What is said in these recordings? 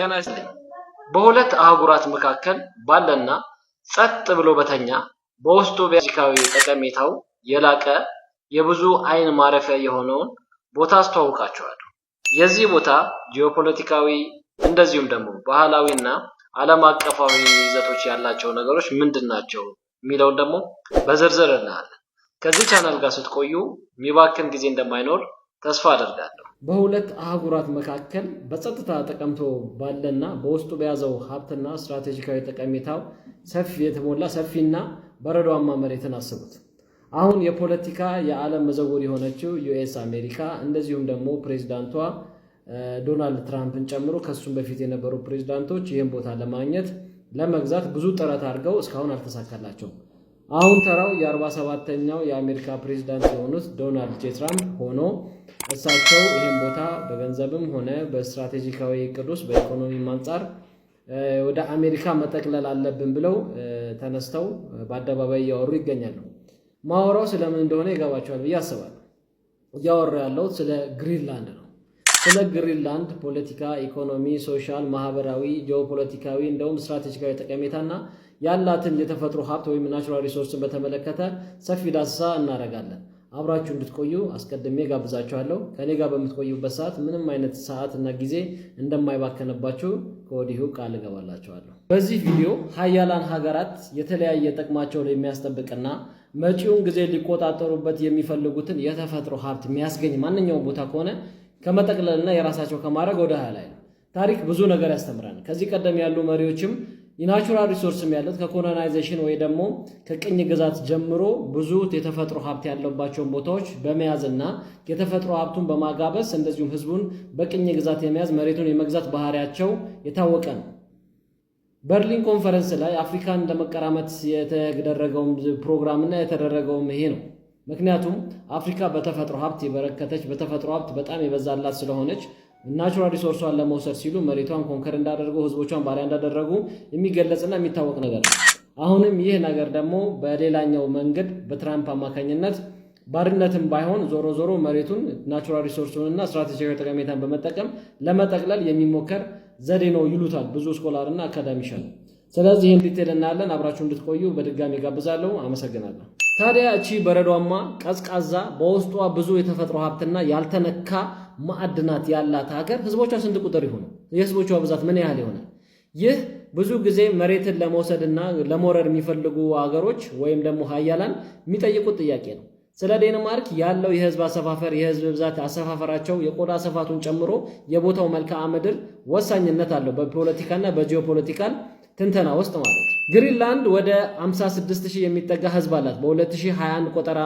ጤና ይስጥልኝ። በሁለት አህጉራት መካከል ባለና ጸጥ ብሎ በተኛ በውስጡ ቢያንጂካዊ ጠቀሜታው የላቀ የብዙ አይን ማረፊያ የሆነውን ቦታ አስተዋውቃችኋለሁ። የዚህ ቦታ ጂኦፖለቲካዊ እንደዚሁም ደግሞ ባህላዊ እና ዓለም አቀፋዊ ይዘቶች ያላቸው ነገሮች ምንድን ናቸው የሚለውን ደግሞ በዝርዝር እናያለን። ከዚህ ቻናል ጋር ስትቆዩ የሚባክን ጊዜ እንደማይኖር ተስፋ አደርጋለሁ። በሁለት አህጉራት መካከል በጸጥታ ተቀምቶ ባለና በውስጡ በያዘው ሀብትና ስትራቴጂካዊ ጠቀሜታው ሰፊ የተሞላ ሰፊና በረዷማ መሬትን አስቡት። አሁን የፖለቲካ የዓለም መዘውር የሆነችው ዩኤስ አሜሪካ እንደዚሁም ደግሞ ፕሬዚዳንቷ ዶናልድ ትራምፕን ጨምሮ ከሱም በፊት የነበሩ ፕሬዚዳንቶች ይህን ቦታ ለማግኘት ለመግዛት ብዙ ጥረት አድርገው እስካሁን አልተሳካላቸውም። አሁን ተራው የ47ተኛው የአሜሪካ ፕሬዚዳንት የሆኑት ዶናልድ ጄ ትራምፕ ሆኖ እሳቸው ይህም ቦታ በገንዘብም ሆነ በስትራቴጂካዊ ቅዱስ በኢኮኖሚም አንጻር ወደ አሜሪካ መጠቅለል አለብን ብለው ተነስተው በአደባባይ እያወሩ ይገኛሉ። ማወራው ስለምን እንደሆነ ይገባቸዋል ብዬ አስባለሁ። እያወሩ ያለሁት ስለ ግሪንላንድ ነው። ስለ ግሪንላንድ ፖለቲካ፣ ኢኮኖሚ፣ ሶሻል፣ ማህበራዊ፣ ጂኦፖለቲካዊ እንደውም ስትራቴጂካዊ ጠቀሜታና ያላትን የተፈጥሮ ሀብት ወይም ናቹራል ሪሶርስን በተመለከተ ሰፊ ዳሰሳ እናደርጋለን። አብራችሁ እንድትቆዩ አስቀድሜ ጋብዛችኋለሁ። ከኔ ጋር በምትቆዩበት ሰዓት ምንም አይነት ሰዓትና ጊዜ እንደማይባከንባችሁ ከወዲሁ ቃል እገባላችኋለሁ። በዚህ ቪዲዮ ሀያላን ሀገራት የተለያየ ጥቅማቸውን የሚያስጠብቅና መጪውን ጊዜ ሊቆጣጠሩበት የሚፈልጉትን የተፈጥሮ ሀብት የሚያስገኝ ማንኛውም ቦታ ከሆነ ከመጠቅለልና የራሳቸው ከማድረግ ወደ ኋላ ታሪክ ብዙ ነገር ያስተምረን። ከዚህ ቀደም ያሉ መሪዎችም የናቹራል ሪሶርስም ያለት ከኮሎናይዜሽን ወይ ደግሞ ከቅኝ ግዛት ጀምሮ ብዙ የተፈጥሮ ሀብት ያለባቸውን ቦታዎች በመያዝና የተፈጥሮ ሀብቱን በማጋበስ እንደዚሁም ህዝቡን በቅኝ ግዛት የመያዝ መሬቱን የመግዛት ባህሪያቸው የታወቀ ነው። በርሊን ኮንፈረንስ ላይ አፍሪካን ለመቀራመት የተደረገውም ፕሮግራምና የተደረገውም ይሄ ነው። ምክንያቱም አፍሪካ በተፈጥሮ ሀብት የበረከተች በተፈጥሮ ሀብት በጣም የበዛላት ስለሆነች ናቹራል ሪሶርሷን ለመውሰድ ሲሉ መሬቷን ኮንከር እንዳደረጉ ህዝቦቿን ባሪያ እንዳደረጉ የሚገለጽና የሚታወቅ ነገር ነው። አሁንም ይህ ነገር ደግሞ በሌላኛው መንገድ በትራምፕ አማካኝነት ባርነትም ባይሆን ዞሮ ዞሮ መሬቱን ናቹራል ሪሶርሱንና ስትራቴጂካዊ ጠቀሜታን በመጠቀም ለመጠቅለል የሚሞከር ዘዴ ነው ይሉታል ብዙ ስኮላርና አካዳሚሻል። ስለዚህ ይህን ዲቴል እናያለን። አብራችሁ እንድትቆዩ በድጋሚ ጋብዛለሁ። አመሰግናለሁ። ታዲያ እቺ በረዷማ ቀዝቃዛ፣ በውስጧ ብዙ የተፈጥሮ ሀብትና ያልተነካ ማዕድናት ያላት ሀገር ህዝቦቿ ስንት ቁጥር ይሆኑ? የህዝቦቿ ብዛት ምን ያህል ይሆናል? ይህ ብዙ ጊዜ መሬትን ለመውሰድና ለመውረር የሚፈልጉ ሀገሮች ወይም ደግሞ ሀያላን የሚጠይቁት ጥያቄ ነው። ስለ ዴንማርክ ያለው የህዝብ አሰፋፈር የህዝብ ብዛት አሰፋፈራቸው የቆዳ ስፋቱን ጨምሮ የቦታው መልክዓ ምድር ወሳኝነት አለው በፖለቲካና በጂኦፖለቲካል ትንተና ውስጥ ማለት ነው። ግሪንላንድ ወደ 56000 የሚጠጋ ህዝብ አላት በ2021 ቆጠራ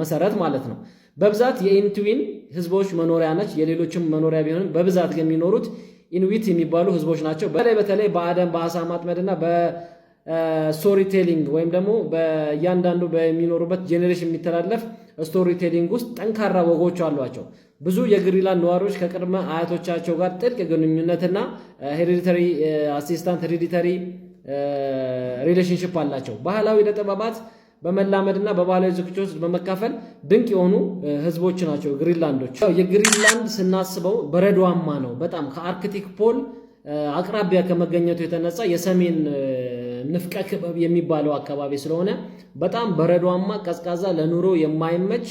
መሰረት ማለት ነው። በብዛት የኢንትዊን ህዝቦች መኖሪያ ነች። የሌሎችም መኖሪያ ቢሆንም በብዛት ግን የሚኖሩት ኢንዊት የሚባሉ ህዝቦች ናቸው። በተለይ በተለይ በአደን በአሳ ማጥመድና በስቶሪ ቴሊንግ ወይም ደግሞ በእያንዳንዱ በሚኖሩበት ጄኔሬሽን የሚተላለፍ ስቶሪቴሊንግ ውስጥ ጠንካራ ወጎች አሏቸው። ብዙ የግሪንላንድ ነዋሪዎች ከቅድመ አያቶቻቸው ጋር ጥልቅ ግንኙነትና ሄሬዲተሪ አሲስታንት ሄሬዲተሪ ሪሌሽንሽፕ አላቸው። ባህላዊ ለጥበባት በመላመድና በባህላዊ ዝግጅቶች በመካፈል ድንቅ የሆኑ ህዝቦች ናቸው ግሪንላንዶች። የግሪንላንድ ስናስበው በረዷማ ነው በጣም ከአርክቲክ ፖል አቅራቢያ ከመገኘቱ የተነሳ የሰሜን ንፍቀ ክበብ የሚባለው አካባቢ ስለሆነ በጣም በረዷማ ቀዝቃዛ፣ ለኑሮ የማይመች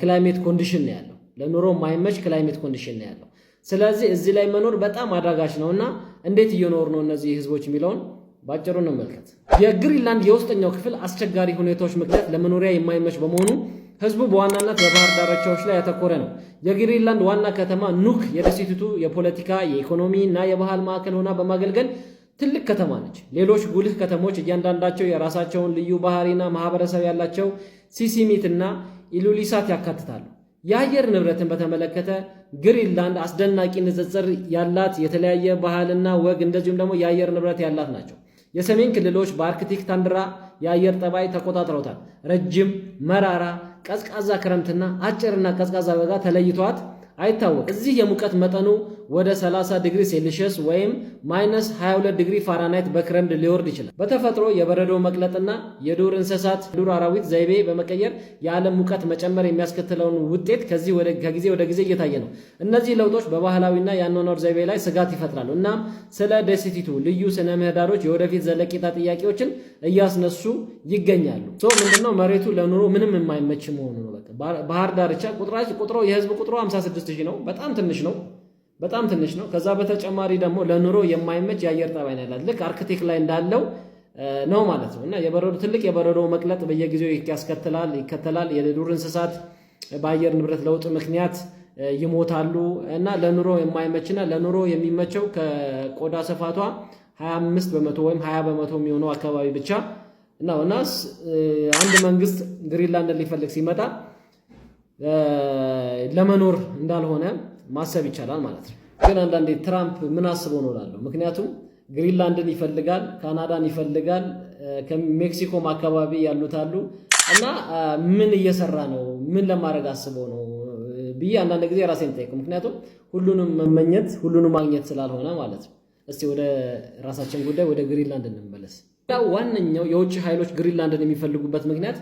ክላይሜት ኮንዲሽን ነው ያለው። ለኑሮ የማይመች ክላይሜት ኮንዲሽን ነው ያለው። ስለዚህ እዚህ ላይ መኖር በጣም አዳጋች ነው እና እንዴት እየኖሩ ነው እነዚህ ህዝቦች የሚለውን ባጭሩ እንመልከት። የግሪንላንድ የውስጠኛው ክፍል አስቸጋሪ ሁኔታዎች ምክንያት ለመኖሪያ የማይመች በመሆኑ ህዝቡ በዋናነት በባህር ዳርቻዎች ላይ ያተኮረ ነው። የግሪንላንድ ዋና ከተማ ኑክ የደሴቲቱ የፖለቲካ የኢኮኖሚ እና የባህል ማዕከል ሆና በማገልገል ትልቅ ከተማ ነች። ሌሎች ጉልህ ከተሞች እያንዳንዳቸው የራሳቸውን ልዩ ባህሪና ማህበረሰብ ያላቸው ሲሲሚት እና ኢሉሊሳት ያካትታሉ። የአየር ንብረትን በተመለከተ ግሪንላንድ አስደናቂ ንጽጽር ያላት የተለያየ ባህልና ወግ እንደዚሁም ደግሞ የአየር ንብረት ያላት ናቸው። የሰሜን ክልሎች በአርክቲክ ታንድራ የአየር ጠባይ ተቆጣጥረውታል። ረጅም፣ መራራ፣ ቀዝቃዛ ክረምትና አጭርና ቀዝቃዛ በጋ ተለይቷት አይታወቅ። እዚህ የሙቀት መጠኑ ወደ 30 ዲግሪ ሴልሺየስ ወይም ማይነስ 22 ዲግሪ ፋራናይት በክረምድ ሊወርድ ይችላል። በተፈጥሮ የበረዶ መቅለጥና የዱር እንስሳት ዱር አራዊት ዘይቤ በመቀየር የዓለም ሙቀት መጨመር የሚያስከትለውን ውጤት ከዚህ ከጊዜ ወደ ጊዜ እየታየ ነው። እነዚህ ለውጦች በባህላዊና የአኗኗር ዘይቤ ላይ ስጋት ይፈጥራሉ። እናም ስለ ደሴቲቱ ልዩ ስነ ምህዳሮች የወደፊት ዘለቂታ ጥያቄዎችን እያስነሱ ይገኛሉ። ምንድነው መሬቱ ለኑሮ ምንም የማይመች መሆኑ ነው። ባህር ዳርቻ ቁጥሮ የህዝብ ቁጥሮ 56 ሺህ ነው። በጣም ትንሽ ነው። በጣም ትንሽ ነው። ከዛ በተጨማሪ ደግሞ ለኑሮ የማይመች የአየር ጠባይ ነው ያላት ልክ አርክቴክ ላይ እንዳለው ነው ማለት ነው እና የበረዶ ትልቅ የበረዶ መቅለጥ በየጊዜው ያስከትላል ይከተላል። የዱር እንስሳት በአየር ንብረት ለውጥ ምክንያት ይሞታሉ እና ለኑሮ የማይመችና ለኑሮ የሚመቸው ከቆዳ ስፋቷ 25 በመቶ ወይም 20 በመቶ የሚሆነው አካባቢ ብቻ ነው እና አንድ መንግስት ግሪንላንድን ሊፈልግ ሲመጣ ለመኖር እንዳልሆነ ማሰብ ይቻላል ማለት ነው። ግን አንዳንዴ ትራምፕ ምን አስቦ ነው እላለሁ። ምክንያቱም ግሪንላንድን ይፈልጋል፣ ካናዳን ይፈልጋል፣ ሜክሲኮም አካባቢ ያሉት አሉ እና ምን እየሰራ ነው? ምን ለማድረግ አስቦ ነው ብዬ አንዳንድ ጊዜ ራሴን ጠይቅ። ምክንያቱም ሁሉንም መመኘት ሁሉንም ማግኘት ስላልሆነ ማለት ነው። እስቲ ወደ ራሳችን ጉዳይ ወደ ግሪንላንድ እንመለስ። ዋነኛው የውጭ ኃይሎች ግሪንላንድን የሚፈልጉበት ምክንያት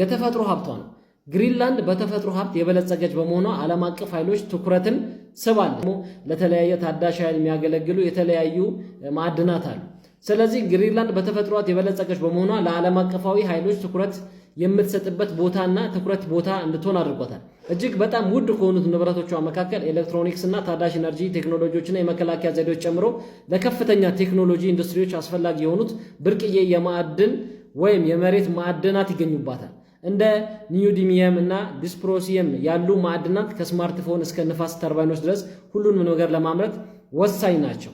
የተፈጥሮ ሀብቷ ነው። ግሪንላንድ በተፈጥሮ ሀብት የበለጸገች በመሆኗ ዓለም አቀፍ ኃይሎች ትኩረትን ስባለች። ለተለያየ ታዳሽ ኃይል የሚያገለግሉ የተለያዩ ማዕድናት አሉ። ስለዚህ ግሪንላንድ በተፈጥሮ ሀብት የበለጸገች በመሆኗ ለዓለም አቀፋዊ ኃይሎች ትኩረት የምትሰጥበት ቦታና ትኩረት ቦታ እንድትሆን አድርጓታል። እጅግ በጣም ውድ ከሆኑት ንብረቶቿ መካከል ኤሌክትሮኒክስ እና ታዳሽ ኤነርጂ ቴክኖሎጂዎችና የመከላከያ ዘዴዎች ጨምሮ ለከፍተኛ ቴክኖሎጂ ኢንዱስትሪዎች አስፈላጊ የሆኑት ብርቅዬ የማዕድን ወይም የመሬት ማዕድናት ይገኙባታል። እንደ ኒዮዲሚየም እና ዲስፕሮሲየም ያሉ ማዕድናት ከስማርትፎን እስከ ንፋስ ተርባይኖች ድረስ ሁሉንም ነገር ለማምረት ወሳኝ ናቸው።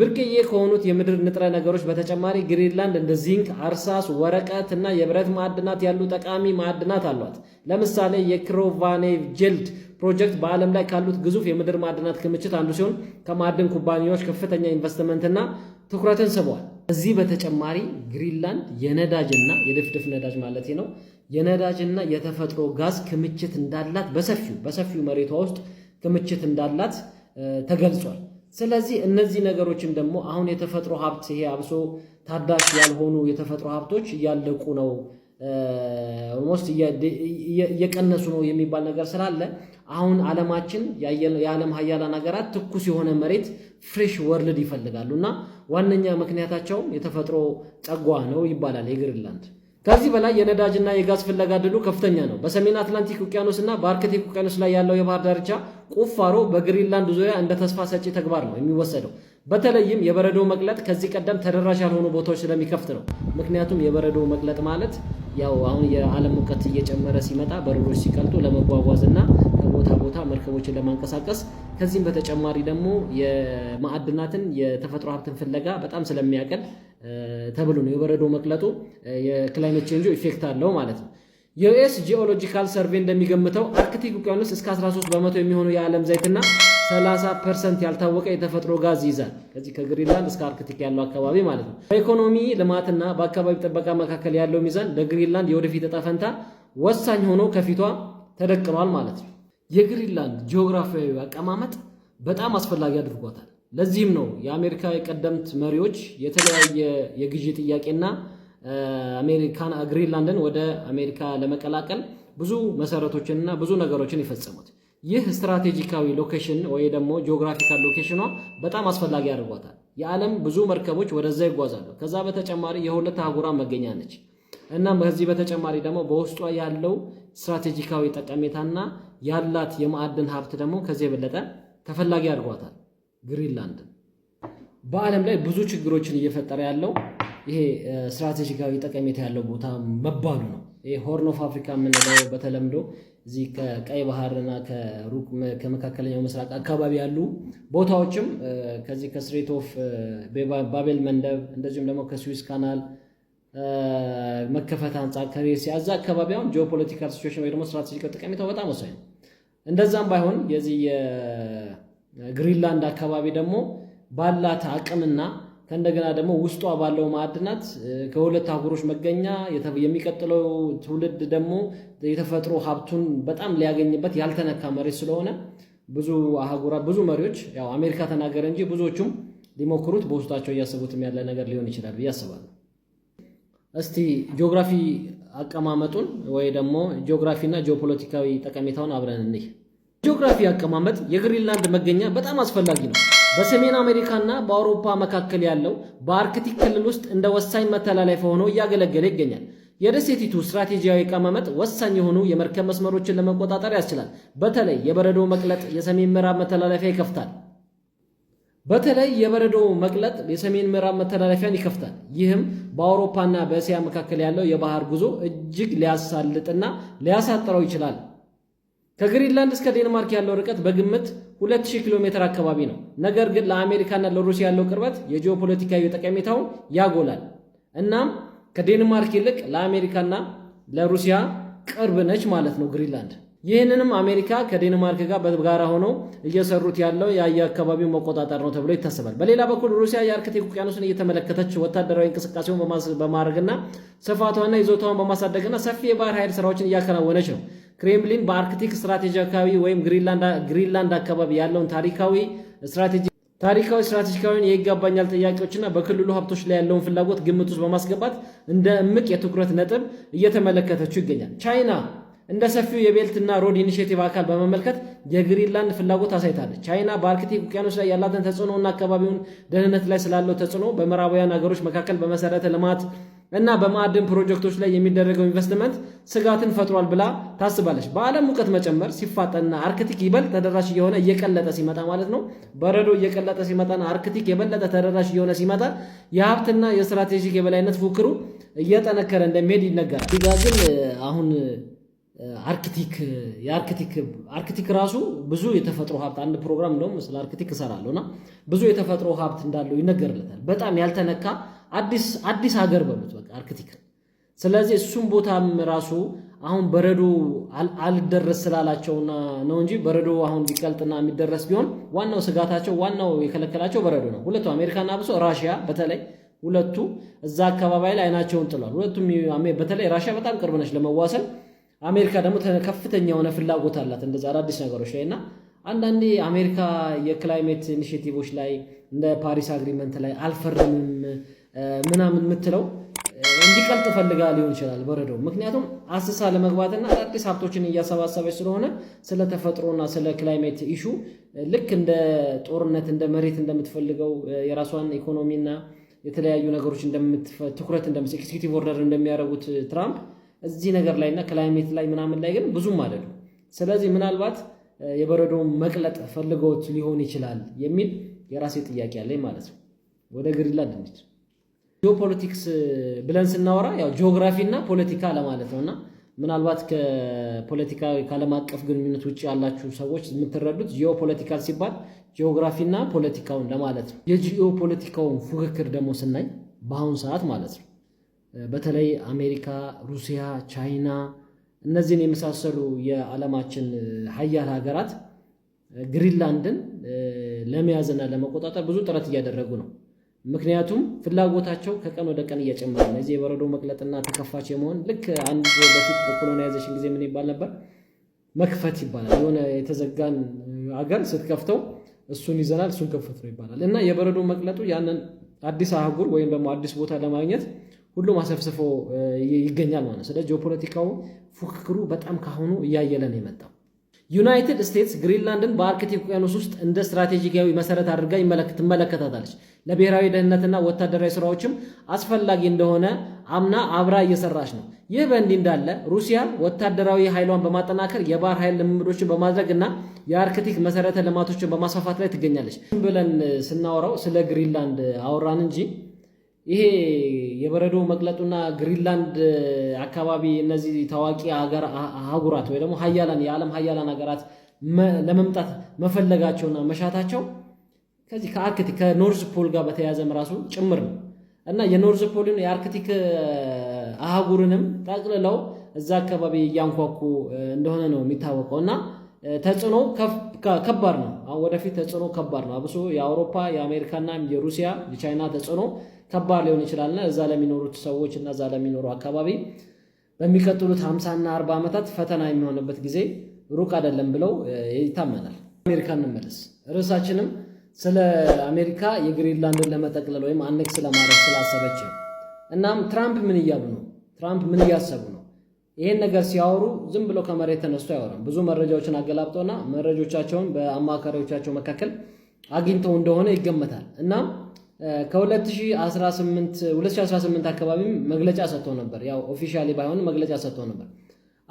ብርቅዬ ከሆኑት የምድር ንጥረ ነገሮች በተጨማሪ ግሪንላንድ እንደ ዚንክ፣ አርሳስ፣ ወረቀት እና የብረት ማዕድናት ያሉ ጠቃሚ ማዕድናት አሏት። ለምሳሌ የክሮቫኔጀልድ ፕሮጀክት በዓለም ላይ ካሉት ግዙፍ የምድር ማዕድናት ክምችት አንዱ ሲሆን ከማዕድን ኩባንያዎች ከፍተኛ ኢንቨስትመንትና ትኩረትን ስቧል። እዚህ በተጨማሪ ግሪንላንድ የነዳጅ የድፍድፍ ነዳጅ ማለት ነው የነዳጅና የተፈጥሮ ጋዝ ክምችት እንዳላት በሰፊው በሰፊው መሬቷ ውስጥ ክምችት እንዳላት ተገልጿል። ስለዚህ እነዚህ ነገሮችን ደግሞ አሁን የተፈጥሮ ሀብት ይሄ አብሶ ታዳሽ ያልሆኑ የተፈጥሮ ሀብቶች እያለቁ ነው ኦልሞስት እየቀነሱ ነው የሚባል ነገር ስላለ አሁን ዓለማችን የዓለም ሀያላን ሀገራት ትኩስ የሆነ መሬት ፍሬሽ ወርልድ ይፈልጋሉ እና ዋነኛ ምክንያታቸውም የተፈጥሮ ጸጓ ነው ይባላል የግሪንላንድ ከዚህ በላይ የነዳጅና የጋዝ ፍለጋ ድሉ ከፍተኛ ነው። በሰሜን አትላንቲክ ውቅያኖስና በአርክቲክ ውቅያኖስ ላይ ያለው የባህር ዳርቻ ቁፋሮ በግሪንላንድ ዙሪያ እንደ ተስፋ ሰጪ ተግባር ነው የሚወሰደው። በተለይም የበረዶ መቅለጥ ከዚህ ቀደም ተደራሽ ያልሆኑ ቦታዎች ስለሚከፍት ነው። ምክንያቱም የበረዶ መቅለጥ ማለት ያው አሁን የዓለም ሙቀት እየጨመረ ሲመጣ በረዶች ሲቀልጡ ለመጓጓዝ እና ከቦታ ቦታ መርከቦችን ለማንቀሳቀስ ከዚህም በተጨማሪ ደግሞ የማዕድናትን የተፈጥሮ ሀብትን ፍለጋ በጣም ስለሚያቀል ተብሎ ነው የበረዶ መቅለጡ የክላይሜት ቼንጁ ኢፌክት አለው ማለት ነው። የዩኤስ ጂኦሎጂካል ሰርቬ እንደሚገምተው አርክቲክ ውቅያኖስ እስከ 13 በመቶ የሚሆኑ የዓለም ዘይትና 30 ፐርሰንት ያልታወቀ የተፈጥሮ ጋዝ ይይዛል። ከዚህ ከግሪንላንድ እስከ አርክቲክ ያለው አካባቢ ማለት ነው። በኢኮኖሚ ልማትና በአካባቢ ጥበቃ መካከል ያለው ሚዛን ለግሪንላንድ የወደፊት ዕጣ ፈንታ ወሳኝ ሆኖ ከፊቷ ተደቅኗል ማለት ነው። የግሪንላንድ ጂኦግራፊያዊ አቀማመጥ በጣም አስፈላጊ አድርጓታል። ለዚህም ነው የአሜሪካ የቀደምት መሪዎች የተለያየ የግዢ ጥያቄና አሜሪካን ግሪንላንድን ወደ አሜሪካ ለመቀላቀል ብዙ መሰረቶችንና ብዙ ነገሮችን የፈጸሙት። ይህ ስትራቴጂካዊ ሎኬሽን ወይ ደግሞ ጂኦግራፊካል ሎኬሽኗ በጣም አስፈላጊ አድርጓታል። የዓለም ብዙ መርከቦች ወደዛ ይጓዛሉ። ከዛ በተጨማሪ የሁለት አህጉራ መገኛ ነች። እናም ከዚህ በተጨማሪ ደግሞ በውስጧ ያለው ስትራቴጂካዊ ጠቀሜታና ያላት የማዕድን ሀብት ደግሞ ከዚህ የበለጠ ተፈላጊ አድርጓታል። ግሪንላንድ በዓለም ላይ ብዙ ችግሮችን እየፈጠረ ያለው ይሄ ስትራቴጂካዊ ጠቀሜታ ያለው ቦታ መባሉ ነው። ይሄ ሆርን ኦፍ አፍሪካ የምንለው በተለምዶ እዚህ ከቀይ ባህር እና ከሩቅ ከመካከለኛው ምስራቅ አካባቢ ያሉ ቦታዎችም ከዚህ ከስትሬት ኦፍ ባቤል መንደብ እንደዚሁም ደግሞ ከስዊስ ካናል መከፈት አንጻር ከሬሲ እዛ አካባቢ አሁን ጂኦፖለቲካል ሲቹዌሽን ወይ ደግሞ ስትራቴጂካዊ ጠቀሜታው በጣም ወሳኝ ነው። እንደዛም ባይሆን የዚህ ግሪንላንድ አካባቢ ደግሞ ባላት አቅምና ከእንደገና ደግሞ ውስጧ ባለው ማዕድናት ከሁለት አህጉሮች መገኛ የሚቀጥለው ትውልድ ደግሞ የተፈጥሮ ሀብቱን በጣም ሊያገኝበት ያልተነካ መሬት ስለሆነ ብዙ አህጉራት ብዙ መሪዎች ያው አሜሪካ ተናገረ እንጂ ብዙዎቹም ሊሞክሩት በውስጣቸው እያሰቡትም ያለ ነገር ሊሆን ይችላል ብዬ አስባለሁ። እስቲ ጂኦግራፊ አቀማመጡን ወይ ደግሞ ጂኦግራፊና ጂኦፖለቲካዊ ጠቀሜታውን አብረን እንይ። ጂኦግራፊ አቀማመጥ የግሪንላንድ መገኛ በጣም አስፈላጊ ነው። በሰሜን አሜሪካ በአውሮፓ መካከል ያለው በአርክቲክ ክልል ውስጥ እንደ ወሳኝ መተላለፊያ ሆኖ እያገለገለ ይገኛል። የደሴቲቱ ስትራቴጂያዊ አቀማመጥ ወሳኝ የሆኑ የመርከብ መስመሮችን ለመቆጣጠር ያስችላል። በተለይ የበረዶ መቅለጥ የሰሜን ምዕራብ መተላለፊያ ይከፍታል። በተለይ የበረዶ መቅለጥ የሰሜን ምዕራብ መተላለፊያን ይከፍታል። ይህም በአውሮፓና በእስያ መካከል ያለው የባህር ጉዞ እጅግ ሊያሳልጥና ሊያሳጥረው ይችላል። ከግሪንላንድ እስከ ዴንማርክ ያለው ርቀት በግምት 2000 ኪሎ ሜትር አካባቢ ነው። ነገር ግን ለአሜሪካና ለሩሲያ ያለው ቅርበት የጂኦፖለቲካዊ ጠቀሜታውን ያጎላል። እናም ከዴንማርክ ይልቅ ለአሜሪካና ለሩሲያ ቅርብ ነች ማለት ነው ግሪንላንድ። ይህንንም አሜሪካ ከዴንማርክ ጋር በጋራ ሆነው እየሰሩት ያለው የአካባቢው መቆጣጠር ነው ተብሎ ይታሰባል። በሌላ በኩል ሩሲያ የአርክቲክ ውቅያኖስን እየተመለከተች ወታደራዊ እንቅስቃሴውን በማድረግና ስፋቷና ይዞታውን በማሳደግና ሰፊ የባህር ኃይል ስራዎችን እያከናወነች ነው። ክሬምሊን በአርክቲክ ስትራቴጂካዊ ወይም ግሪንላንድ አካባቢ ያለውን ታሪካዊ ስትራቴጂ ታሪካዊ ስትራቴጂካዊን የይገባኛል ጥያቄዎችና በክልሉ ሀብቶች ላይ ያለውን ፍላጎት ግምት ውስጥ በማስገባት እንደ እምቅ የትኩረት ነጥብ እየተመለከተችው ይገኛል። ቻይና እንደ ሰፊው የቤልትና ሮድ ኢኒሽቲቭ አካል በመመልከት የግሪንላንድ ፍላጎት አሳይታለች። ቻይና በአርክቲክ ውቅያኖች ላይ ያላትን ተጽዕኖና አካባቢውን ደህንነት ላይ ስላለው ተጽዕኖ በምዕራባውያን ሀገሮች መካከል በመሰረተ ልማት እና በማዕድን ፕሮጀክቶች ላይ የሚደረገው ኢንቨስትመንት ስጋትን ፈጥሯል ብላ ታስባለች። በዓለም ሙቀት መጨመር ሲፋጠንና አርክቲክ ይበልጥ ተደራሽ እየሆነ እየቀለጠ ሲመጣ ማለት ነው፣ በረዶ እየቀለጠ ሲመጣና አርክቲክ የበለጠ ተደራሽ እየሆነ ሲመጣ የሀብትና የስትራቴጂክ የበላይነት ፉክሩ እየጠነከረ እንደሚሄድ ይነገራል። ዚጋ ግን አሁን አርክቲክ የአርክቲክ አርክቲክ ራሱ ብዙ የተፈጥሮ ሀብት አንድ ፕሮግራም እንደውም ስለ አርክቲክ እሰራለሁ እና ብዙ የተፈጥሮ ሀብት እንዳለው ይነገርለታል። በጣም ያልተነካ አዲስ አዲስ ሀገር በሉት በቃ አርክቲክ። ስለዚህ እሱም ቦታም ራሱ አሁን በረዶ አልደረስ ስላላቸውና ነው እንጂ በረዶ አሁን ቢቀልጥና የሚደረስ ቢሆን ዋናው ስጋታቸው ዋናው የከለከላቸው በረዶ ነው። ሁለቱ አሜሪካና ብሶ ራሽያ በተለይ ሁለቱ እዛ አካባቢ ላይ አይናቸውን ጥሏል። ሁለቱም በተለይ ራሽያ በጣም ቅርብ ነች ለመዋሰል፣ አሜሪካ ደግሞ ከፍተኛ የሆነ ፍላጎት አላት እንደዚህ አዳዲስ ነገሮች ላይ እና አንዳንዴ አሜሪካ የክላይሜት ኢኒሽቲቮች ላይ እንደ ፓሪስ አግሪመንት ላይ አልፈርምም ምናምን የምትለው እንዲቀልጥ ፈልጋ ሊሆን ይችላል በረዶ ምክንያቱም አስሳ ለመግባትና አዳዲስ ሀብቶችን እያሰባሰበች ስለሆነ ስለ ተፈጥሮና ስለ ክላይሜት ኢሹ ልክ እንደ ጦርነት እንደ መሬት እንደምትፈልገው የራሷን ኢኮኖሚና የተለያዩ ነገሮች ትኩረት እንደምስ ኤክስኪዩቲቭ ኦርደር እንደሚያደርጉት ትራምፕ እዚህ ነገር ላይና ክላይሜት ላይ ምናምን ላይ ግን ብዙም አይደሉ። ስለዚህ ምናልባት የበረዶ መቅለጥ ፈልገውት ሊሆን ይችላል የሚል የራሴ ጥያቄ አለኝ ማለት ነው። ወደ ግሪንላንድ እንሂድ። ጂኦፖለቲክስ ብለን ስናወራ ያው ጂኦግራፊ እና ፖለቲካ ለማለት ነው እና ምናልባት ከፖለቲካ ከዓለም አቀፍ ግንኙነት ውጭ ያላችሁ ሰዎች የምትረዱት ጂኦፖለቲካል ሲባል ጂኦግራፊና ፖለቲካውን ለማለት ነው። የጂኦፖለቲካውን ፉክክር ደግሞ ስናይ በአሁኑ ሰዓት ማለት ነው በተለይ አሜሪካ፣ ሩሲያ፣ ቻይና እነዚህን የመሳሰሉ የዓለማችን ሀያል ሀገራት ግሪንላንድን ለመያዝና ለመቆጣጠር ብዙ ጥረት እያደረጉ ነው። ምክንያቱም ፍላጎታቸው ከቀን ወደ ቀን እየጨመረ ነው። እዚህ የበረዶ መቅለጥና ተከፋች የመሆን ልክ አንድ በፊት በኮሎናይዜሽን ጊዜ ምን ይባል ነበር? መክፈት ይባላል። የሆነ የተዘጋን አገር ስትከፍተው እሱን ይዘናል፣ እሱን ከፈት ነው ይባላል። እና የበረዶ መቅለጡ ያንን አዲስ አህጉር ወይም ደግሞ አዲስ ቦታ ለማግኘት ሁሉም አሰፍስፎ ይገኛል ማለት ስለዚህ ጂኦፖለቲካው ፉክክሩ በጣም ካሁኑ እያየለ የመጣው። ዩናይትድ ስቴትስ ግሪንላንድን በአርክቲክ ውቅያኖስ ውስጥ እንደ ስትራቴጂካዊ መሰረት አድርጋ ትመለከታታለች። ለብሔራዊ ደህንነትና ወታደራዊ ስራዎችም አስፈላጊ እንደሆነ አምና አብራ እየሰራች ነው። ይህ በእንዲህ እንዳለ ሩሲያ ወታደራዊ ኃይሏን በማጠናከር የባህር ኃይል ልምምዶችን በማድረግ እና የአርክቲክ መሰረተ ልማቶችን በማስፋፋት ላይ ትገኛለች። ብለን ስናወራው ስለ ግሪንላንድ አውራን እንጂ ይሄ የበረዶ መቅለጡና ግሪንላንድ አካባቢ እነዚህ ታዋቂ አህጉራት ወይ ደግሞ ሀያላን የዓለም ሀያላን ሀገራት ለመምጣት መፈለጋቸውና መሻታቸው ከዚህ ከአርክቲክ ከኖርዝ ፖል ጋር በተያያዘም ራሱ ጭምር ነው እና የኖርዝ ፖልን የአርክቲክ አህጉርንም ጠቅልለው እዛ አካባቢ እያንኳኩ እንደሆነ ነው የሚታወቀው እና ተጽዕኖ ከባድ ነው። አሁን ወደፊት ተጽዕኖ ከባድ ነው። አብሶ የአውሮፓ የአሜሪካና የሩሲያ የቻይና ተጽዕኖ ከባድ ሊሆን ይችላልና እዛ ለሚኖሩት ሰዎች እና እዛ ለሚኖሩ አካባቢ በሚቀጥሉት 50 እና 40 ዓመታት ፈተና የሚሆንበት ጊዜ ሩቅ አይደለም ብለው ይታመናል። አሜሪካ እንመለስ። ርዕሳችንም ስለ አሜሪካ የግሪንላንድን ለመጠቅለል ወይም አኔክስ ለማድረግ ስላሰበች ነው። እናም ትራምፕ ምን እያሉ ነው? ትራምፕ ምን እያሰቡ ነው? ይህን ነገር ሲያወሩ ዝም ብሎ ከመሬት ተነስቶ አያወራም። ብዙ መረጃዎችን አገላብጦና መረጃዎቻቸውን በአማካሪዎቻቸው መካከል አግኝተው እንደሆነ ይገመታል። እናም ከ2018 አካባቢም መግለጫ ሰጥቶ ነበር። ያው ኦፊሻሊ ባይሆንም መግለጫ ሰጥቶ ነበር።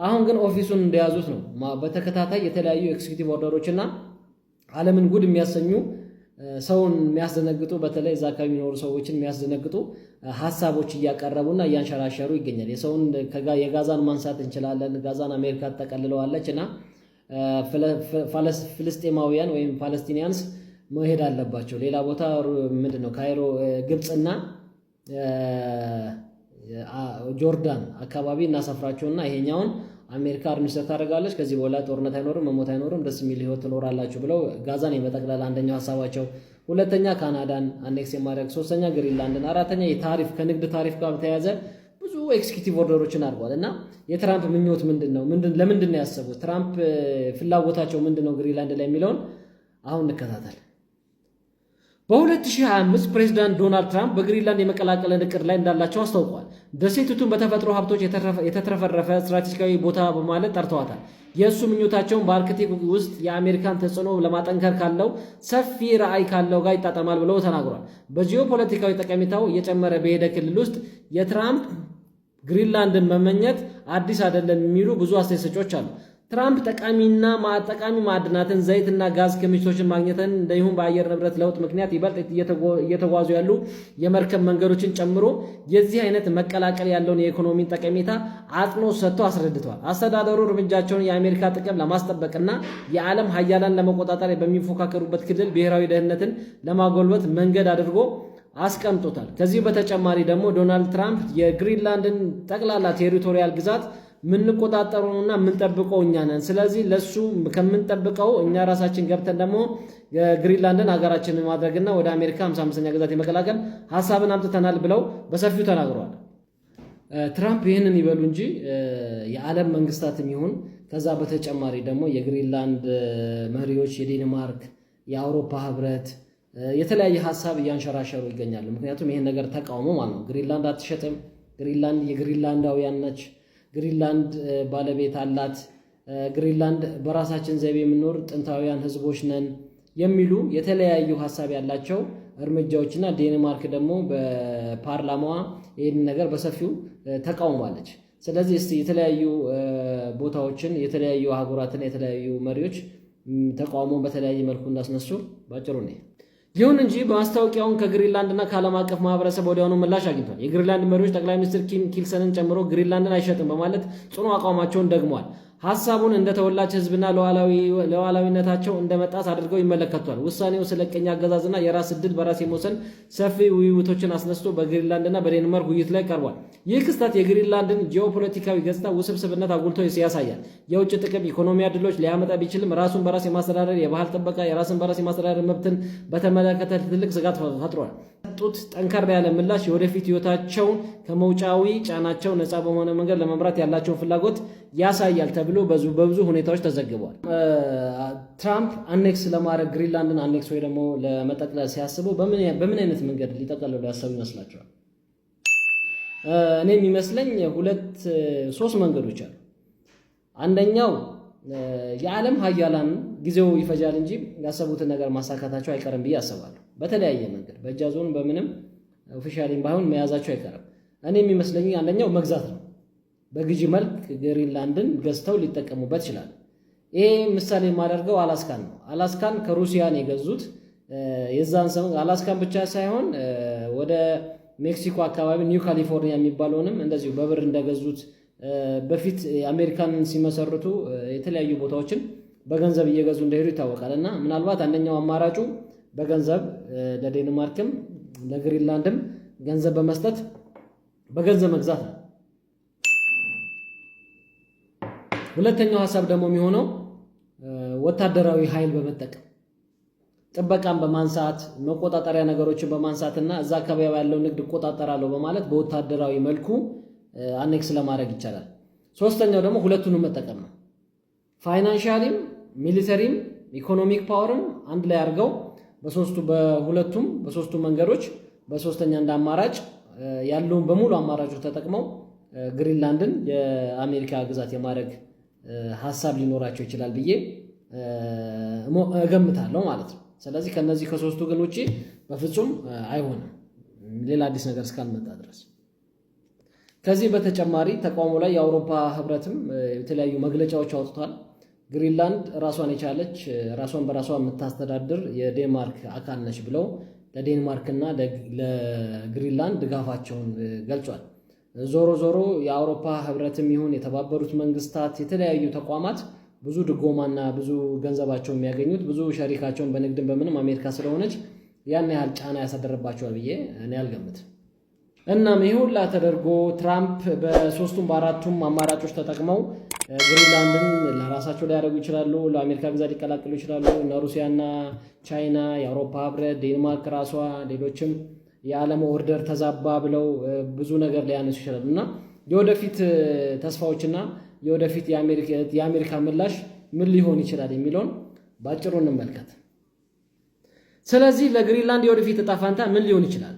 አሁን ግን ኦፊሱን እንደያዙት ነው። በተከታታይ የተለያዩ ኤክስኪዩቲቭ ኦርደሮች እና ዓለምን ጉድ የሚያሰኙ ሰውን የሚያስደነግጡ በተለይ እዛ አካባቢ የሚኖሩ ሰዎችን የሚያስደነግጡ ሀሳቦች እያቀረቡና እያንሸራሸሩ ይገኛል። የሰውን የጋዛን ማንሳት እንችላለን። ጋዛን አሜሪካ ተጠቀልለዋለች እና ፍልስጤማውያን ወይም ፓለስቲኒያንስ መሄድ አለባቸው። ሌላ ቦታ ምንድን ነው ካይሮ፣ ግብፅና ጆርዳን አካባቢ እናሰፍራቸውና ይሄኛውን አሜሪካ አርሚስተር ታደርጋለች። ከዚህ በኋላ ጦርነት አይኖርም፣ መሞት አይኖርም፣ ደስ የሚል ህይወት ትኖራላችሁ ብለው ጋዛን የመጠቅለል አንደኛው ሀሳባቸው፣ ሁለተኛ ካናዳን አኔክስ የማድረግ ሶስተኛ ግሪንላንድን፣ አራተኛ የታሪፍ ከንግድ ታሪፍ ጋር በተያያዘ ብዙ ኤክስኪቲቭ ኦርደሮችን አድርጓል። እና የትራምፕ ምኞት ምንድን ነው? ለምንድን ነው ያሰቡት? ትራምፕ ፍላጎታቸው ምንድን ነው ግሪንላንድ ላይ የሚለውን አሁን እንከታተል። በ2025 ፕሬዚዳንት ዶናልድ ትራምፕ በግሪንላንድ የመቀላቀልን እቅድ ላይ እንዳላቸው አስታውቋል። ደሴቲቱን በተፈጥሮ ሀብቶች የተትረፈረፈ ስትራቴጂካዊ ቦታ በማለት ጠርተዋታል። የእሱ ምኞታቸውን በአርክቲክ ውስጥ የአሜሪካን ተጽዕኖ ለማጠንከር ካለው ሰፊ ራዕይ ካለው ጋር ይጣጠማል ብለው ተናግሯል። በጂኦ ፖለቲካዊ ጠቀሜታው እየጨመረ በሄደ ክልል ውስጥ የትራምፕ ግሪንላንድን መመኘት አዲስ አይደለም የሚሉ ብዙ አስተያየት ሰጪዎች አሉ። ትራምፕ ጠቃሚና ጠቃሚ ማዕድናትን ዘይትና ጋዝ ክምችቶችን ማግኘትን እንዲሁም በአየር ንብረት ለውጥ ምክንያት ይበልጥ እየተጓዙ ያሉ የመርከብ መንገዶችን ጨምሮ የዚህ አይነት መቀላቀል ያለውን የኢኮኖሚን ጠቀሜታ አጥኖ ሰጥቶ አስረድተዋል። አስተዳደሩ እርምጃቸውን የአሜሪካ ጥቅም ለማስጠበቅና የዓለም ሀያላን ለመቆጣጠር በሚፎካከሩበት ክልል ብሔራዊ ደህንነትን ለማጎልበት መንገድ አድርጎ አስቀምጦታል። ከዚህ በተጨማሪ ደግሞ ዶናልድ ትራምፕ የግሪንላንድን ጠቅላላ ቴሪቶሪያል ግዛት የምንቆጣጠረውና የምንጠብቀው እኛ ነን። ስለዚህ ለሱ ከምንጠብቀው እኛ ራሳችን ገብተን ደግሞ ግሪንላንድን ሀገራችንን ማድረግና ወደ አሜሪካ 55ኛ ግዛት የመቀላቀል ሀሳብን አምጥተናል ብለው በሰፊው ተናግረዋል። ትራምፕ ይህንን ይበሉ እንጂ የዓለም መንግስታትም ይሁን ከዛ በተጨማሪ ደግሞ የግሪንላንድ መሪዎች፣ የዴንማርክ፣ የአውሮፓ ህብረት የተለያየ ሀሳብ እያንሸራሸሩ ይገኛሉ። ምክንያቱም ይህን ነገር ተቃውሞ ማለት ነው። ግሪንላንድ አትሸጥም፣ ግሪንላንድ የግሪንላንዳውያን ነች ግሪንላንድ ባለቤት አላት። ግሪንላንድ በራሳችን ዘይቤ የምንኖር ጥንታውያን ህዝቦች ነን የሚሉ የተለያዩ ሀሳብ ያላቸው እርምጃዎችና ዴንማርክ ደግሞ በፓርላማዋ ይህን ነገር በሰፊው ተቃውማለች። ስለዚህ እስቲ የተለያዩ ቦታዎችን የተለያዩ አህጉራትን የተለያዩ መሪዎች ተቃውሞ በተለያየ መልኩ እንዳስነሱ ባጭሩ ነ ይሁን እንጂ ማስታወቂያውን ከግሪንላንድ እና ከዓለም አቀፍ ማህበረሰብ ወዲያውኑ ምላሽ አግኝቷል። የግሪንላንድ መሪዎች ጠቅላይ ሚኒስትር ኪም ኪልሰንን ጨምሮ ግሪንላንድን አይሸጥም በማለት ጽኑ አቋማቸውን ደግመዋል። ሀሳቡን እንደ ህዝብና ለዋላዊነታቸው እንደመጣስ አድርገው ይመለከቷል። ውሳኔው ስለ ቅኝ አገዛዝና የራስ እድል በራስ የመወሰን ሰፊ ውይይቶችን አስነስቶ በግሪንላንድና በዴንማርክ ውይይት ላይ ቀርቧል። ይህ ክስተት የግሪንላንድን ጂኦፖለቲካዊ ገጽታ ውስብስብነት አጉልቶ ያሳያል። የውጭ ጥቅም ኢኮኖሚ እድሎች ሊያመጣ ቢችልም ራሱን በራስ የማስተዳደር የባህል ጥበቃ፣ የራስን በራስ የማስተዳደር መብትን በተመለከተ ትልቅ ስጋት ፈጥሯል። ያመጡት ጠንከር ያለ ምላሽ የወደፊት ህይወታቸውን ከመውጫዊ ጫናቸው ነፃ በሆነ መንገድ ለመምራት ያላቸውን ፍላጎት ያሳያል ተብሎ በብዙ ሁኔታዎች ተዘግቧል። ትራምፕ አኔክስ ለማድረግ ግሪንላንድን አኔክስ ወይ ደግሞ ለመጠቅለል ሲያስበው በምን አይነት መንገድ ሊጠቀልሉ ያሰቡ ይመስላቸዋል? እኔ የሚመስለኝ ሁለት ሶስት መንገዶች አሉ። አንደኛው የዓለም ሀያላን ጊዜው ይፈጃል እንጂ ያሰቡትን ነገር ማሳካታቸው አይቀርም ብዬ አስባለሁ። በተለያየ መንገድ በእጅ በምንም ኦፊሻሊም ባይሆን መያዛቸው አይቀርም። እኔ የሚመስለኝ አንደኛው መግዛት ነው። በግዢ መልክ ግሪንላንድን ገዝተው ሊጠቀሙበት ይችላል። ይሄ ምሳሌ የማደርገው አላስካን ነው። አላስካን ከሩሲያን የገዙት የዛን ሰው አላስካን ብቻ ሳይሆን ወደ ሜክሲኮ አካባቢ ኒው ካሊፎርኒያ የሚባለውንም እንደዚሁ በብር እንደገዙት በፊት አሜሪካንን ሲመሰርቱ የተለያዩ ቦታዎችን በገንዘብ እየገዙ እንደሄዱ ይታወቃል። እና ምናልባት አንደኛው አማራጩ በገንዘብ ለዴንማርክም ለግሪንላንድም ገንዘብ በመስጠት በገንዘብ መግዛት ነው። ሁለተኛው ሀሳብ ደግሞ የሚሆነው ወታደራዊ ኃይል በመጠቀም ጥበቃን በማንሳት መቆጣጠሪያ ነገሮችን በማንሳት እዛ አካባቢ ያለው ንግድ እቆጣጠራለሁ በማለት በወታደራዊ መልኩ አኔክስ ለማድረግ ይቻላል። ሶስተኛው ደግሞ ሁለቱንም መጠቀም ነው። ፋይናንሻሊም፣ ሚሊተሪም፣ ኢኮኖሚክ ፓወርም አንድ ላይ አድርገው በሶስቱ በሁለቱም በሶስቱ መንገዶች በሶስተኛ እንደ አማራጭ ያለውን በሙሉ አማራጮች ተጠቅመው ግሪንላንድን የአሜሪካ ግዛት የማድረግ ሀሳብ ሊኖራቸው ይችላል ብዬ እገምታለሁ ማለት ነው። ስለዚህ ከነዚህ ከሶስቱ ግን ውጭ በፍጹም አይሆንም፣ ሌላ አዲስ ነገር እስካልመጣ ድረስ። ከዚህ በተጨማሪ ተቃውሞ ላይ የአውሮፓ ህብረትም የተለያዩ መግለጫዎች አውጥቷል። ግሪንላንድ ራሷን የቻለች ራሷን በራሷ የምታስተዳድር የዴንማርክ አካል ነች ብለው ለዴንማርክ ለግሪንላንድ ድጋፋቸውን ገልጿል። ዞሮ ዞሮ የአውሮፓ ህብረትም ይሁን የተባበሩት መንግስታት የተለያዩ ተቋማት ብዙ ድጎማና ብዙ ገንዘባቸው የሚያገኙት ብዙ ሸሪካቸውን በንግድን በምንም አሜሪካ ስለሆነች ያን ያህል ጫና ያሳደረባቸዋል ብዬ እኔ አልገምትም። እናም ይህ ሁላ ተደርጎ ትራምፕ በሶስቱም በአራቱም አማራጮች ተጠቅመው ግሪንላንድን ለራሳቸው ሊያደርጉ ይችላሉ። ለአሜሪካ ግዛት ሊቀላቅሉ ይችላሉ። እነ ሩሲያና ቻይና፣ የአውሮፓ ህብረት፣ ዴንማርክ ራሷ፣ ሌሎችም የዓለም ኦርደር ተዛባ ብለው ብዙ ነገር ሊያነሱ ይችላሉ እና የወደፊት ተስፋዎችና የወደፊት የአሜሪካ ምላሽ ምን ሊሆን ይችላል የሚለውን በአጭሩ እንመልከት። ስለዚህ ለግሪንላንድ የወደፊት እጣ ምን ሊሆን ይችላል?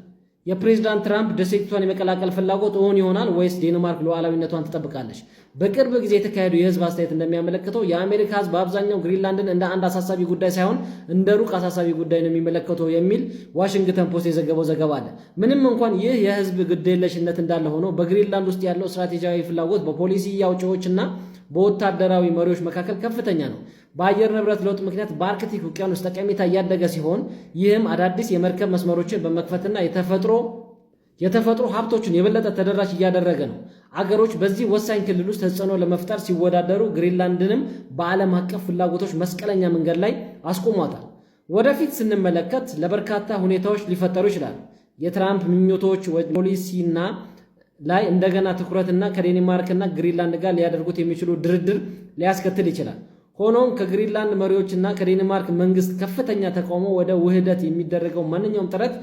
የፕሬዝዳንት ትራምፕ ደሴቲቷን የመቀላቀል ፍላጎት እውን ይሆናል ወይስ ዴንማርክ ሉዓላዊነቷን ትጠብቃለች? በቅርብ ጊዜ የተካሄዱ የህዝብ አስተያየት እንደሚያመለክተው የአሜሪካ ህዝብ በአብዛኛው ግሪንላንድን እንደ አንድ አሳሳቢ ጉዳይ ሳይሆን እንደ ሩቅ አሳሳቢ ጉዳይ ነው የሚመለከተው የሚል ዋሽንግተን ፖስት የዘገበው ዘገባ አለ። ምንም እንኳን ይህ የህዝብ ግዴለሽነት እንዳለ ሆኖ በግሪንላንድ ውስጥ ያለው ስትራቴጂያዊ ፍላጎት በፖሊሲ አውጪዎች እና በወታደራዊ መሪዎች መካከል ከፍተኛ ነው። በአየር ንብረት ለውጥ ምክንያት በአርክቲክ ውቅያኖስ ጠቀሜታ እያደገ ሲሆን ይህም አዳዲስ የመርከብ መስመሮችን በመክፈትና የተፈጥሮ የተፈጥሮ ሀብቶችን የበለጠ ተደራሽ እያደረገ ነው። አገሮች በዚህ ወሳኝ ክልል ውስጥ ተጽዕኖ ለመፍጠር ሲወዳደሩ ግሪንላንድንም በዓለም አቀፍ ፍላጎቶች መስቀለኛ መንገድ ላይ አስቆሟታል። ወደፊት ስንመለከት ለበርካታ ሁኔታዎች ሊፈጠሩ ይችላል። የትራምፕ ምኞቶች ፖሊሲና ላይ እንደገና ትኩረትና ከዴንማርክና ግሪንላንድ ጋር ሊያደርጉት የሚችሉ ድርድር ሊያስከትል ይችላል። ሆኖም ከግሪንላንድ መሪዎችና ከዴንማርክ መንግስት ከፍተኛ ተቃውሞ ወደ ውህደት የሚደረገው ማንኛውም ጥረት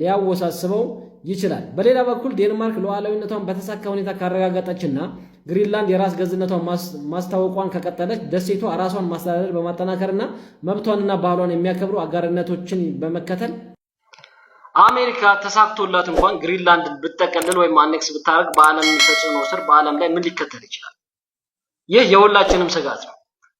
ሊያወሳስበው ይችላል። በሌላ በኩል ዴንማርክ ሉዓላዊነቷን በተሳካ ሁኔታ ካረጋገጠችና ግሪንላንድ የራስ ገዝነቷን ማስታወቋን ከቀጠለች ደሴቷ ራሷን ማስተዳደር በማጠናከርና መብቷንና ባህሏን የሚያከብሩ አጋርነቶችን በመከተል አሜሪካ ተሳክቶላት እንኳን ግሪንላንድን ብጠቀልል ወይም አኔክስ ብታደርግ በዓለም ተጽዕኖ ስር በዓለም ላይ ምን ሊከተል ይችላል? ይህ የሁላችንም ስጋት ነው።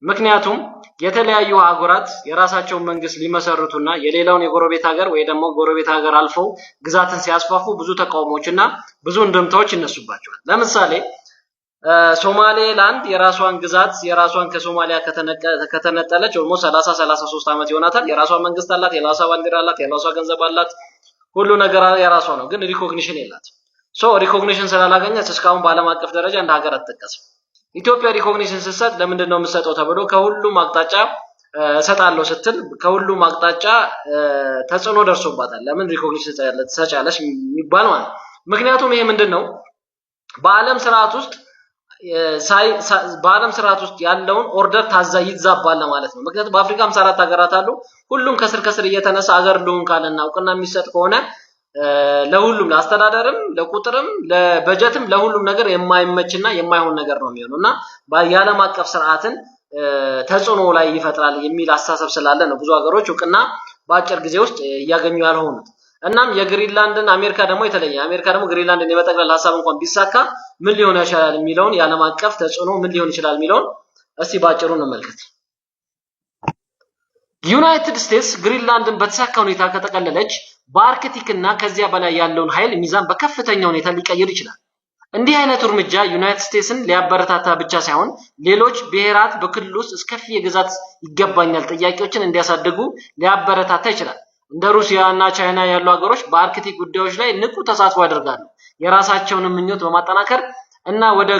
ምክንያቱም የተለያዩ አህጉራት የራሳቸውን መንግስት ሊመሰርቱና የሌላውን የጎረቤት ሀገር ወይ ደግሞ ጎረቤት ሀገር አልፈው ግዛትን ሲያስፋፉ ብዙ ተቃውሞዎች እና ብዙ እንድምታዎች ይነሱባቸዋል። ለምሳሌ ሶማሌላንድ የራሷን ግዛት የራሷን ከሶማሊያ ከተነጠለች ኦልሞ 30 33 ዓመት ይሆናታል። የራሷ መንግስት አላት፣ የራሷ ባንዲራ አላት፣ የራሷ ገንዘብ አላት። ሁሉ ነገር የራሷ ነው፣ ግን ሪኮግኒሽን የላት ሶ ሪኮግኒሽን ስላላገኘች እስካሁን በዓለም አቀፍ ደረጃ እንደ ሀገር አትጠቀስም። ኢትዮጵያ ሪኮግኒሽን ስትሰጥ ለምንድን ነው የምትሰጠው ተብሎ ከሁሉም አቅጣጫ እሰጣለሁ ስትል ከሁሉም አቅጣጫ ተጽዕኖ ደርሶባታል። ለምን ሪኮግኒሽን ትሰጫለች የሚባል ማለት ምክንያቱም ይሄ ምንድን ነው በዓለም ስርዓት ውስጥ በዓለም ስርዓት ውስጥ ያለውን ኦርደር ታዛ ይዛባል ማለት ነው። ምክንያቱም በአፍሪካ 54 ሀገራት አሉ። ሁሉም ከስር ከስር እየተነሳ አገር ልሁን ካለና እውቅና የሚሰጥ ከሆነ ለሁሉም ለአስተዳደርም፣ ለቁጥርም፣ ለበጀትም ለሁሉም ነገር የማይመችና የማይሆን ነገር ነው የሚሆነው እና የዓለም አቀፍ ስርዓትን ተጽዕኖ ላይ ይፈጥራል የሚል አስተሳሰብ ስላለ ነው ብዙ ሀገሮች እውቅና በአጭር ጊዜ ውስጥ እያገኙ ያልሆኑት። እናም የግሪንላንድን አሜሪካ ደግሞ የተለየ አሜሪካ ደግሞ ግሪንላንድን የመጠቅለል ሀሳብ እንኳን ቢሳካ ምን ሊሆን ይችላል የሚለውን የዓለም አቀፍ ተጽዕኖ ምን ሊሆን ይችላል የሚለውን እስቲ በአጭሩ እንመልከት። ዩናይትድ ስቴትስ ግሪንላንድን በተሳካ ሁኔታ ከጠቀለለች በአርክቲክ እና ከዚያ በላይ ያለውን ኃይል ሚዛን በከፍተኛ ሁኔታ ሊቀይር ይችላል። እንዲህ አይነቱ እርምጃ ዩናይትድ ስቴትስን ሊያበረታታ ብቻ ሳይሆን ሌሎች ብሔራት በክልል ውስጥ እስከፊ የግዛት ይገባኛል ጥያቄዎችን እንዲያሳድጉ ሊያበረታታ ይችላል። እንደ ሩሲያ እና ቻይና ያሉ ሀገሮች በአርክቲክ ጉዳዮች ላይ ንቁ ተሳትፎ ያደርጋሉ። የራሳቸውን ምኞት በማጠናከር እና ወደ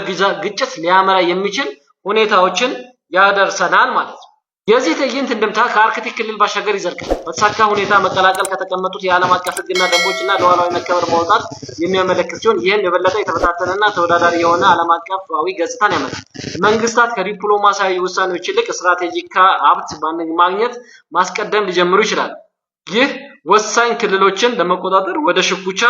ግጭት ሊያመራ የሚችል ሁኔታዎችን ያደርሰናል ማለት ነው። የዚህ ትዕይንት እንድምታ ከአርክቲክ ክልል ባሻገር ይዘልቃል። በተሳካ ሁኔታ መቀላቀል ከተቀመጡት የዓለም አቀፍ ሕግና ደንቦችና ለዋላዊ መከበር ማውጣት የሚያመለክት ሲሆን ይህም የበለጠ የተበታተነና ተወዳዳሪ የሆነ ዓለም አቀፋዊ ገጽታን ያመጣል። መንግስታት ከዲፕሎማሲያዊ ውሳኔዎች ይልቅ ስትራቴጂካ ሀብት ማግኘት ማስቀደም ሊጀምሩ ይችላል። ይህ ወሳኝ ክልሎችን ለመቆጣጠር ወደ ሽኩቻ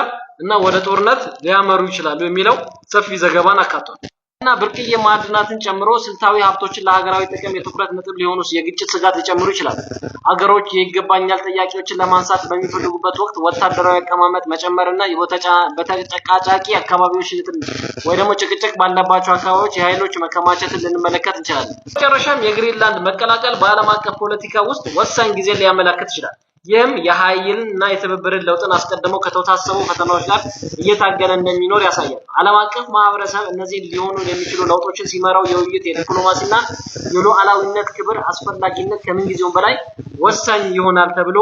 እና ወደ ጦርነት ሊያመሩ ይችላሉ የሚለው ሰፊ ዘገባን አካቷል። እና ብርቅዬ ማዕድናትን ጨምሮ ስልታዊ ሀብቶችን ለሀገራዊ ጥቅም የትኩረት ነጥብ ሊሆኑ የግጭት ስጋት ሊጨምሩ ይችላል። አገሮች የይገባኛል ጥያቄዎችን ለማንሳት በሚፈልጉበት ወቅት ወታደራዊ አቀማመጥ መጨመርና በተጨቃጫቂ አካባቢዎች ወይ ደግሞ ጭቅጭቅ ባለባቸው አካባቢዎች የኃይሎች መከማቸትን ልንመለከት እንችላለን። መጨረሻም የግሪንላንድ መቀላቀል በዓለም አቀፍ ፖለቲካ ውስጥ ወሳኝ ጊዜ ሊያመላክት ይችላል። ይህም የኃይልን እና የትብብርን ለውጥን አስቀድመው ከተወሳሰቡ ፈተናዎች ጋር እየታገለ እንደሚኖር ያሳያል። ዓለም አቀፍ ማህበረሰብ እነዚህን ሊሆኑ የሚችሉ ለውጦችን ሲመራው የውይይት፣ የዲፕሎማሲ እና የሉዓላዊነት ክብር አስፈላጊነት ከምንጊዜውም በላይ ወሳኝ ይሆናል ተብሎ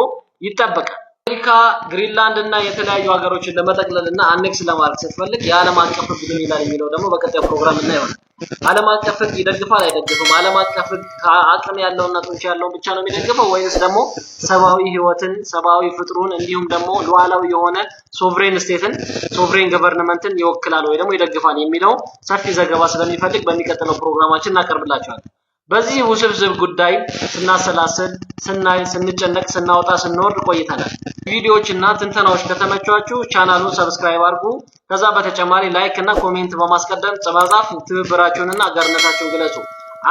ይጠበቃል። አሜሪካ ግሪንላንድ እና የተለያዩ ሀገሮችን ለመጠቅለል እና አኔክስ ለማድረግ ስትፈልግ የዓለም አቀፍ ህግ ምን ይላል የሚለው ደግሞ በቀጣዩ ፕሮግራም እና ይሆናል። ዓለም አቀፍ ህግ ይደግፋል አይደግፍም? ዓለም አቀፍ ህግ አቅም ያለውና ጡንቻ ያለውን ብቻ ነው የሚደግፈው ወይንስ ደግሞ ሰብአዊ ህይወትን ሰብአዊ ፍጥሩን እንዲሁም ደግሞ ሉዓላዊ የሆነ ሶቭሬን ስቴትን ሶቭሬን ገቨርንመንትን ይወክላል ወይ ደግሞ ይደግፋል የሚለው ሰፊ ዘገባ ስለሚፈልግ በሚቀጥለው ፕሮግራማችን እናቀርብላችኋለን። በዚህ ውስብስብ ጉዳይ ስናሰላስል፣ ስናይ፣ ስንጨነቅ፣ ስናወጣ፣ ስንወርድ ቆይተናል። ቪዲዮዎች እና ትንተናዎች ከተመቿችሁ ቻናሉን ሰብስክራይብ አድርጉ። ከዛ በተጨማሪ ላይክ እና ኮሜንት በማስቀደም በጻፍ ትብብራችሁንና አጋርነታችሁን ግለጹ።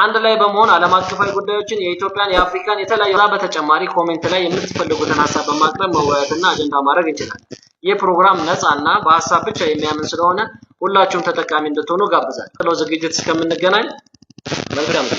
አንድ ላይ በመሆን ዓለም አቀፋዊ ጉዳዮችን የኢትዮጵያን፣ የአፍሪካን የተለያዩ ከዛ በተጨማሪ ኮሜንት ላይ የምትፈልጉትን ሀሳብ በማቅረብ መወያየትና አጀንዳ ማድረግ እንችላል። ይህ ፕሮግራም ነፃና በሀሳብ ብቻ የሚያምን ስለሆነ ሁላችሁም ተጠቃሚ እንድትሆኑ ጋብዛል። ሎ ዝግጅት እስከምንገናኝ መልካም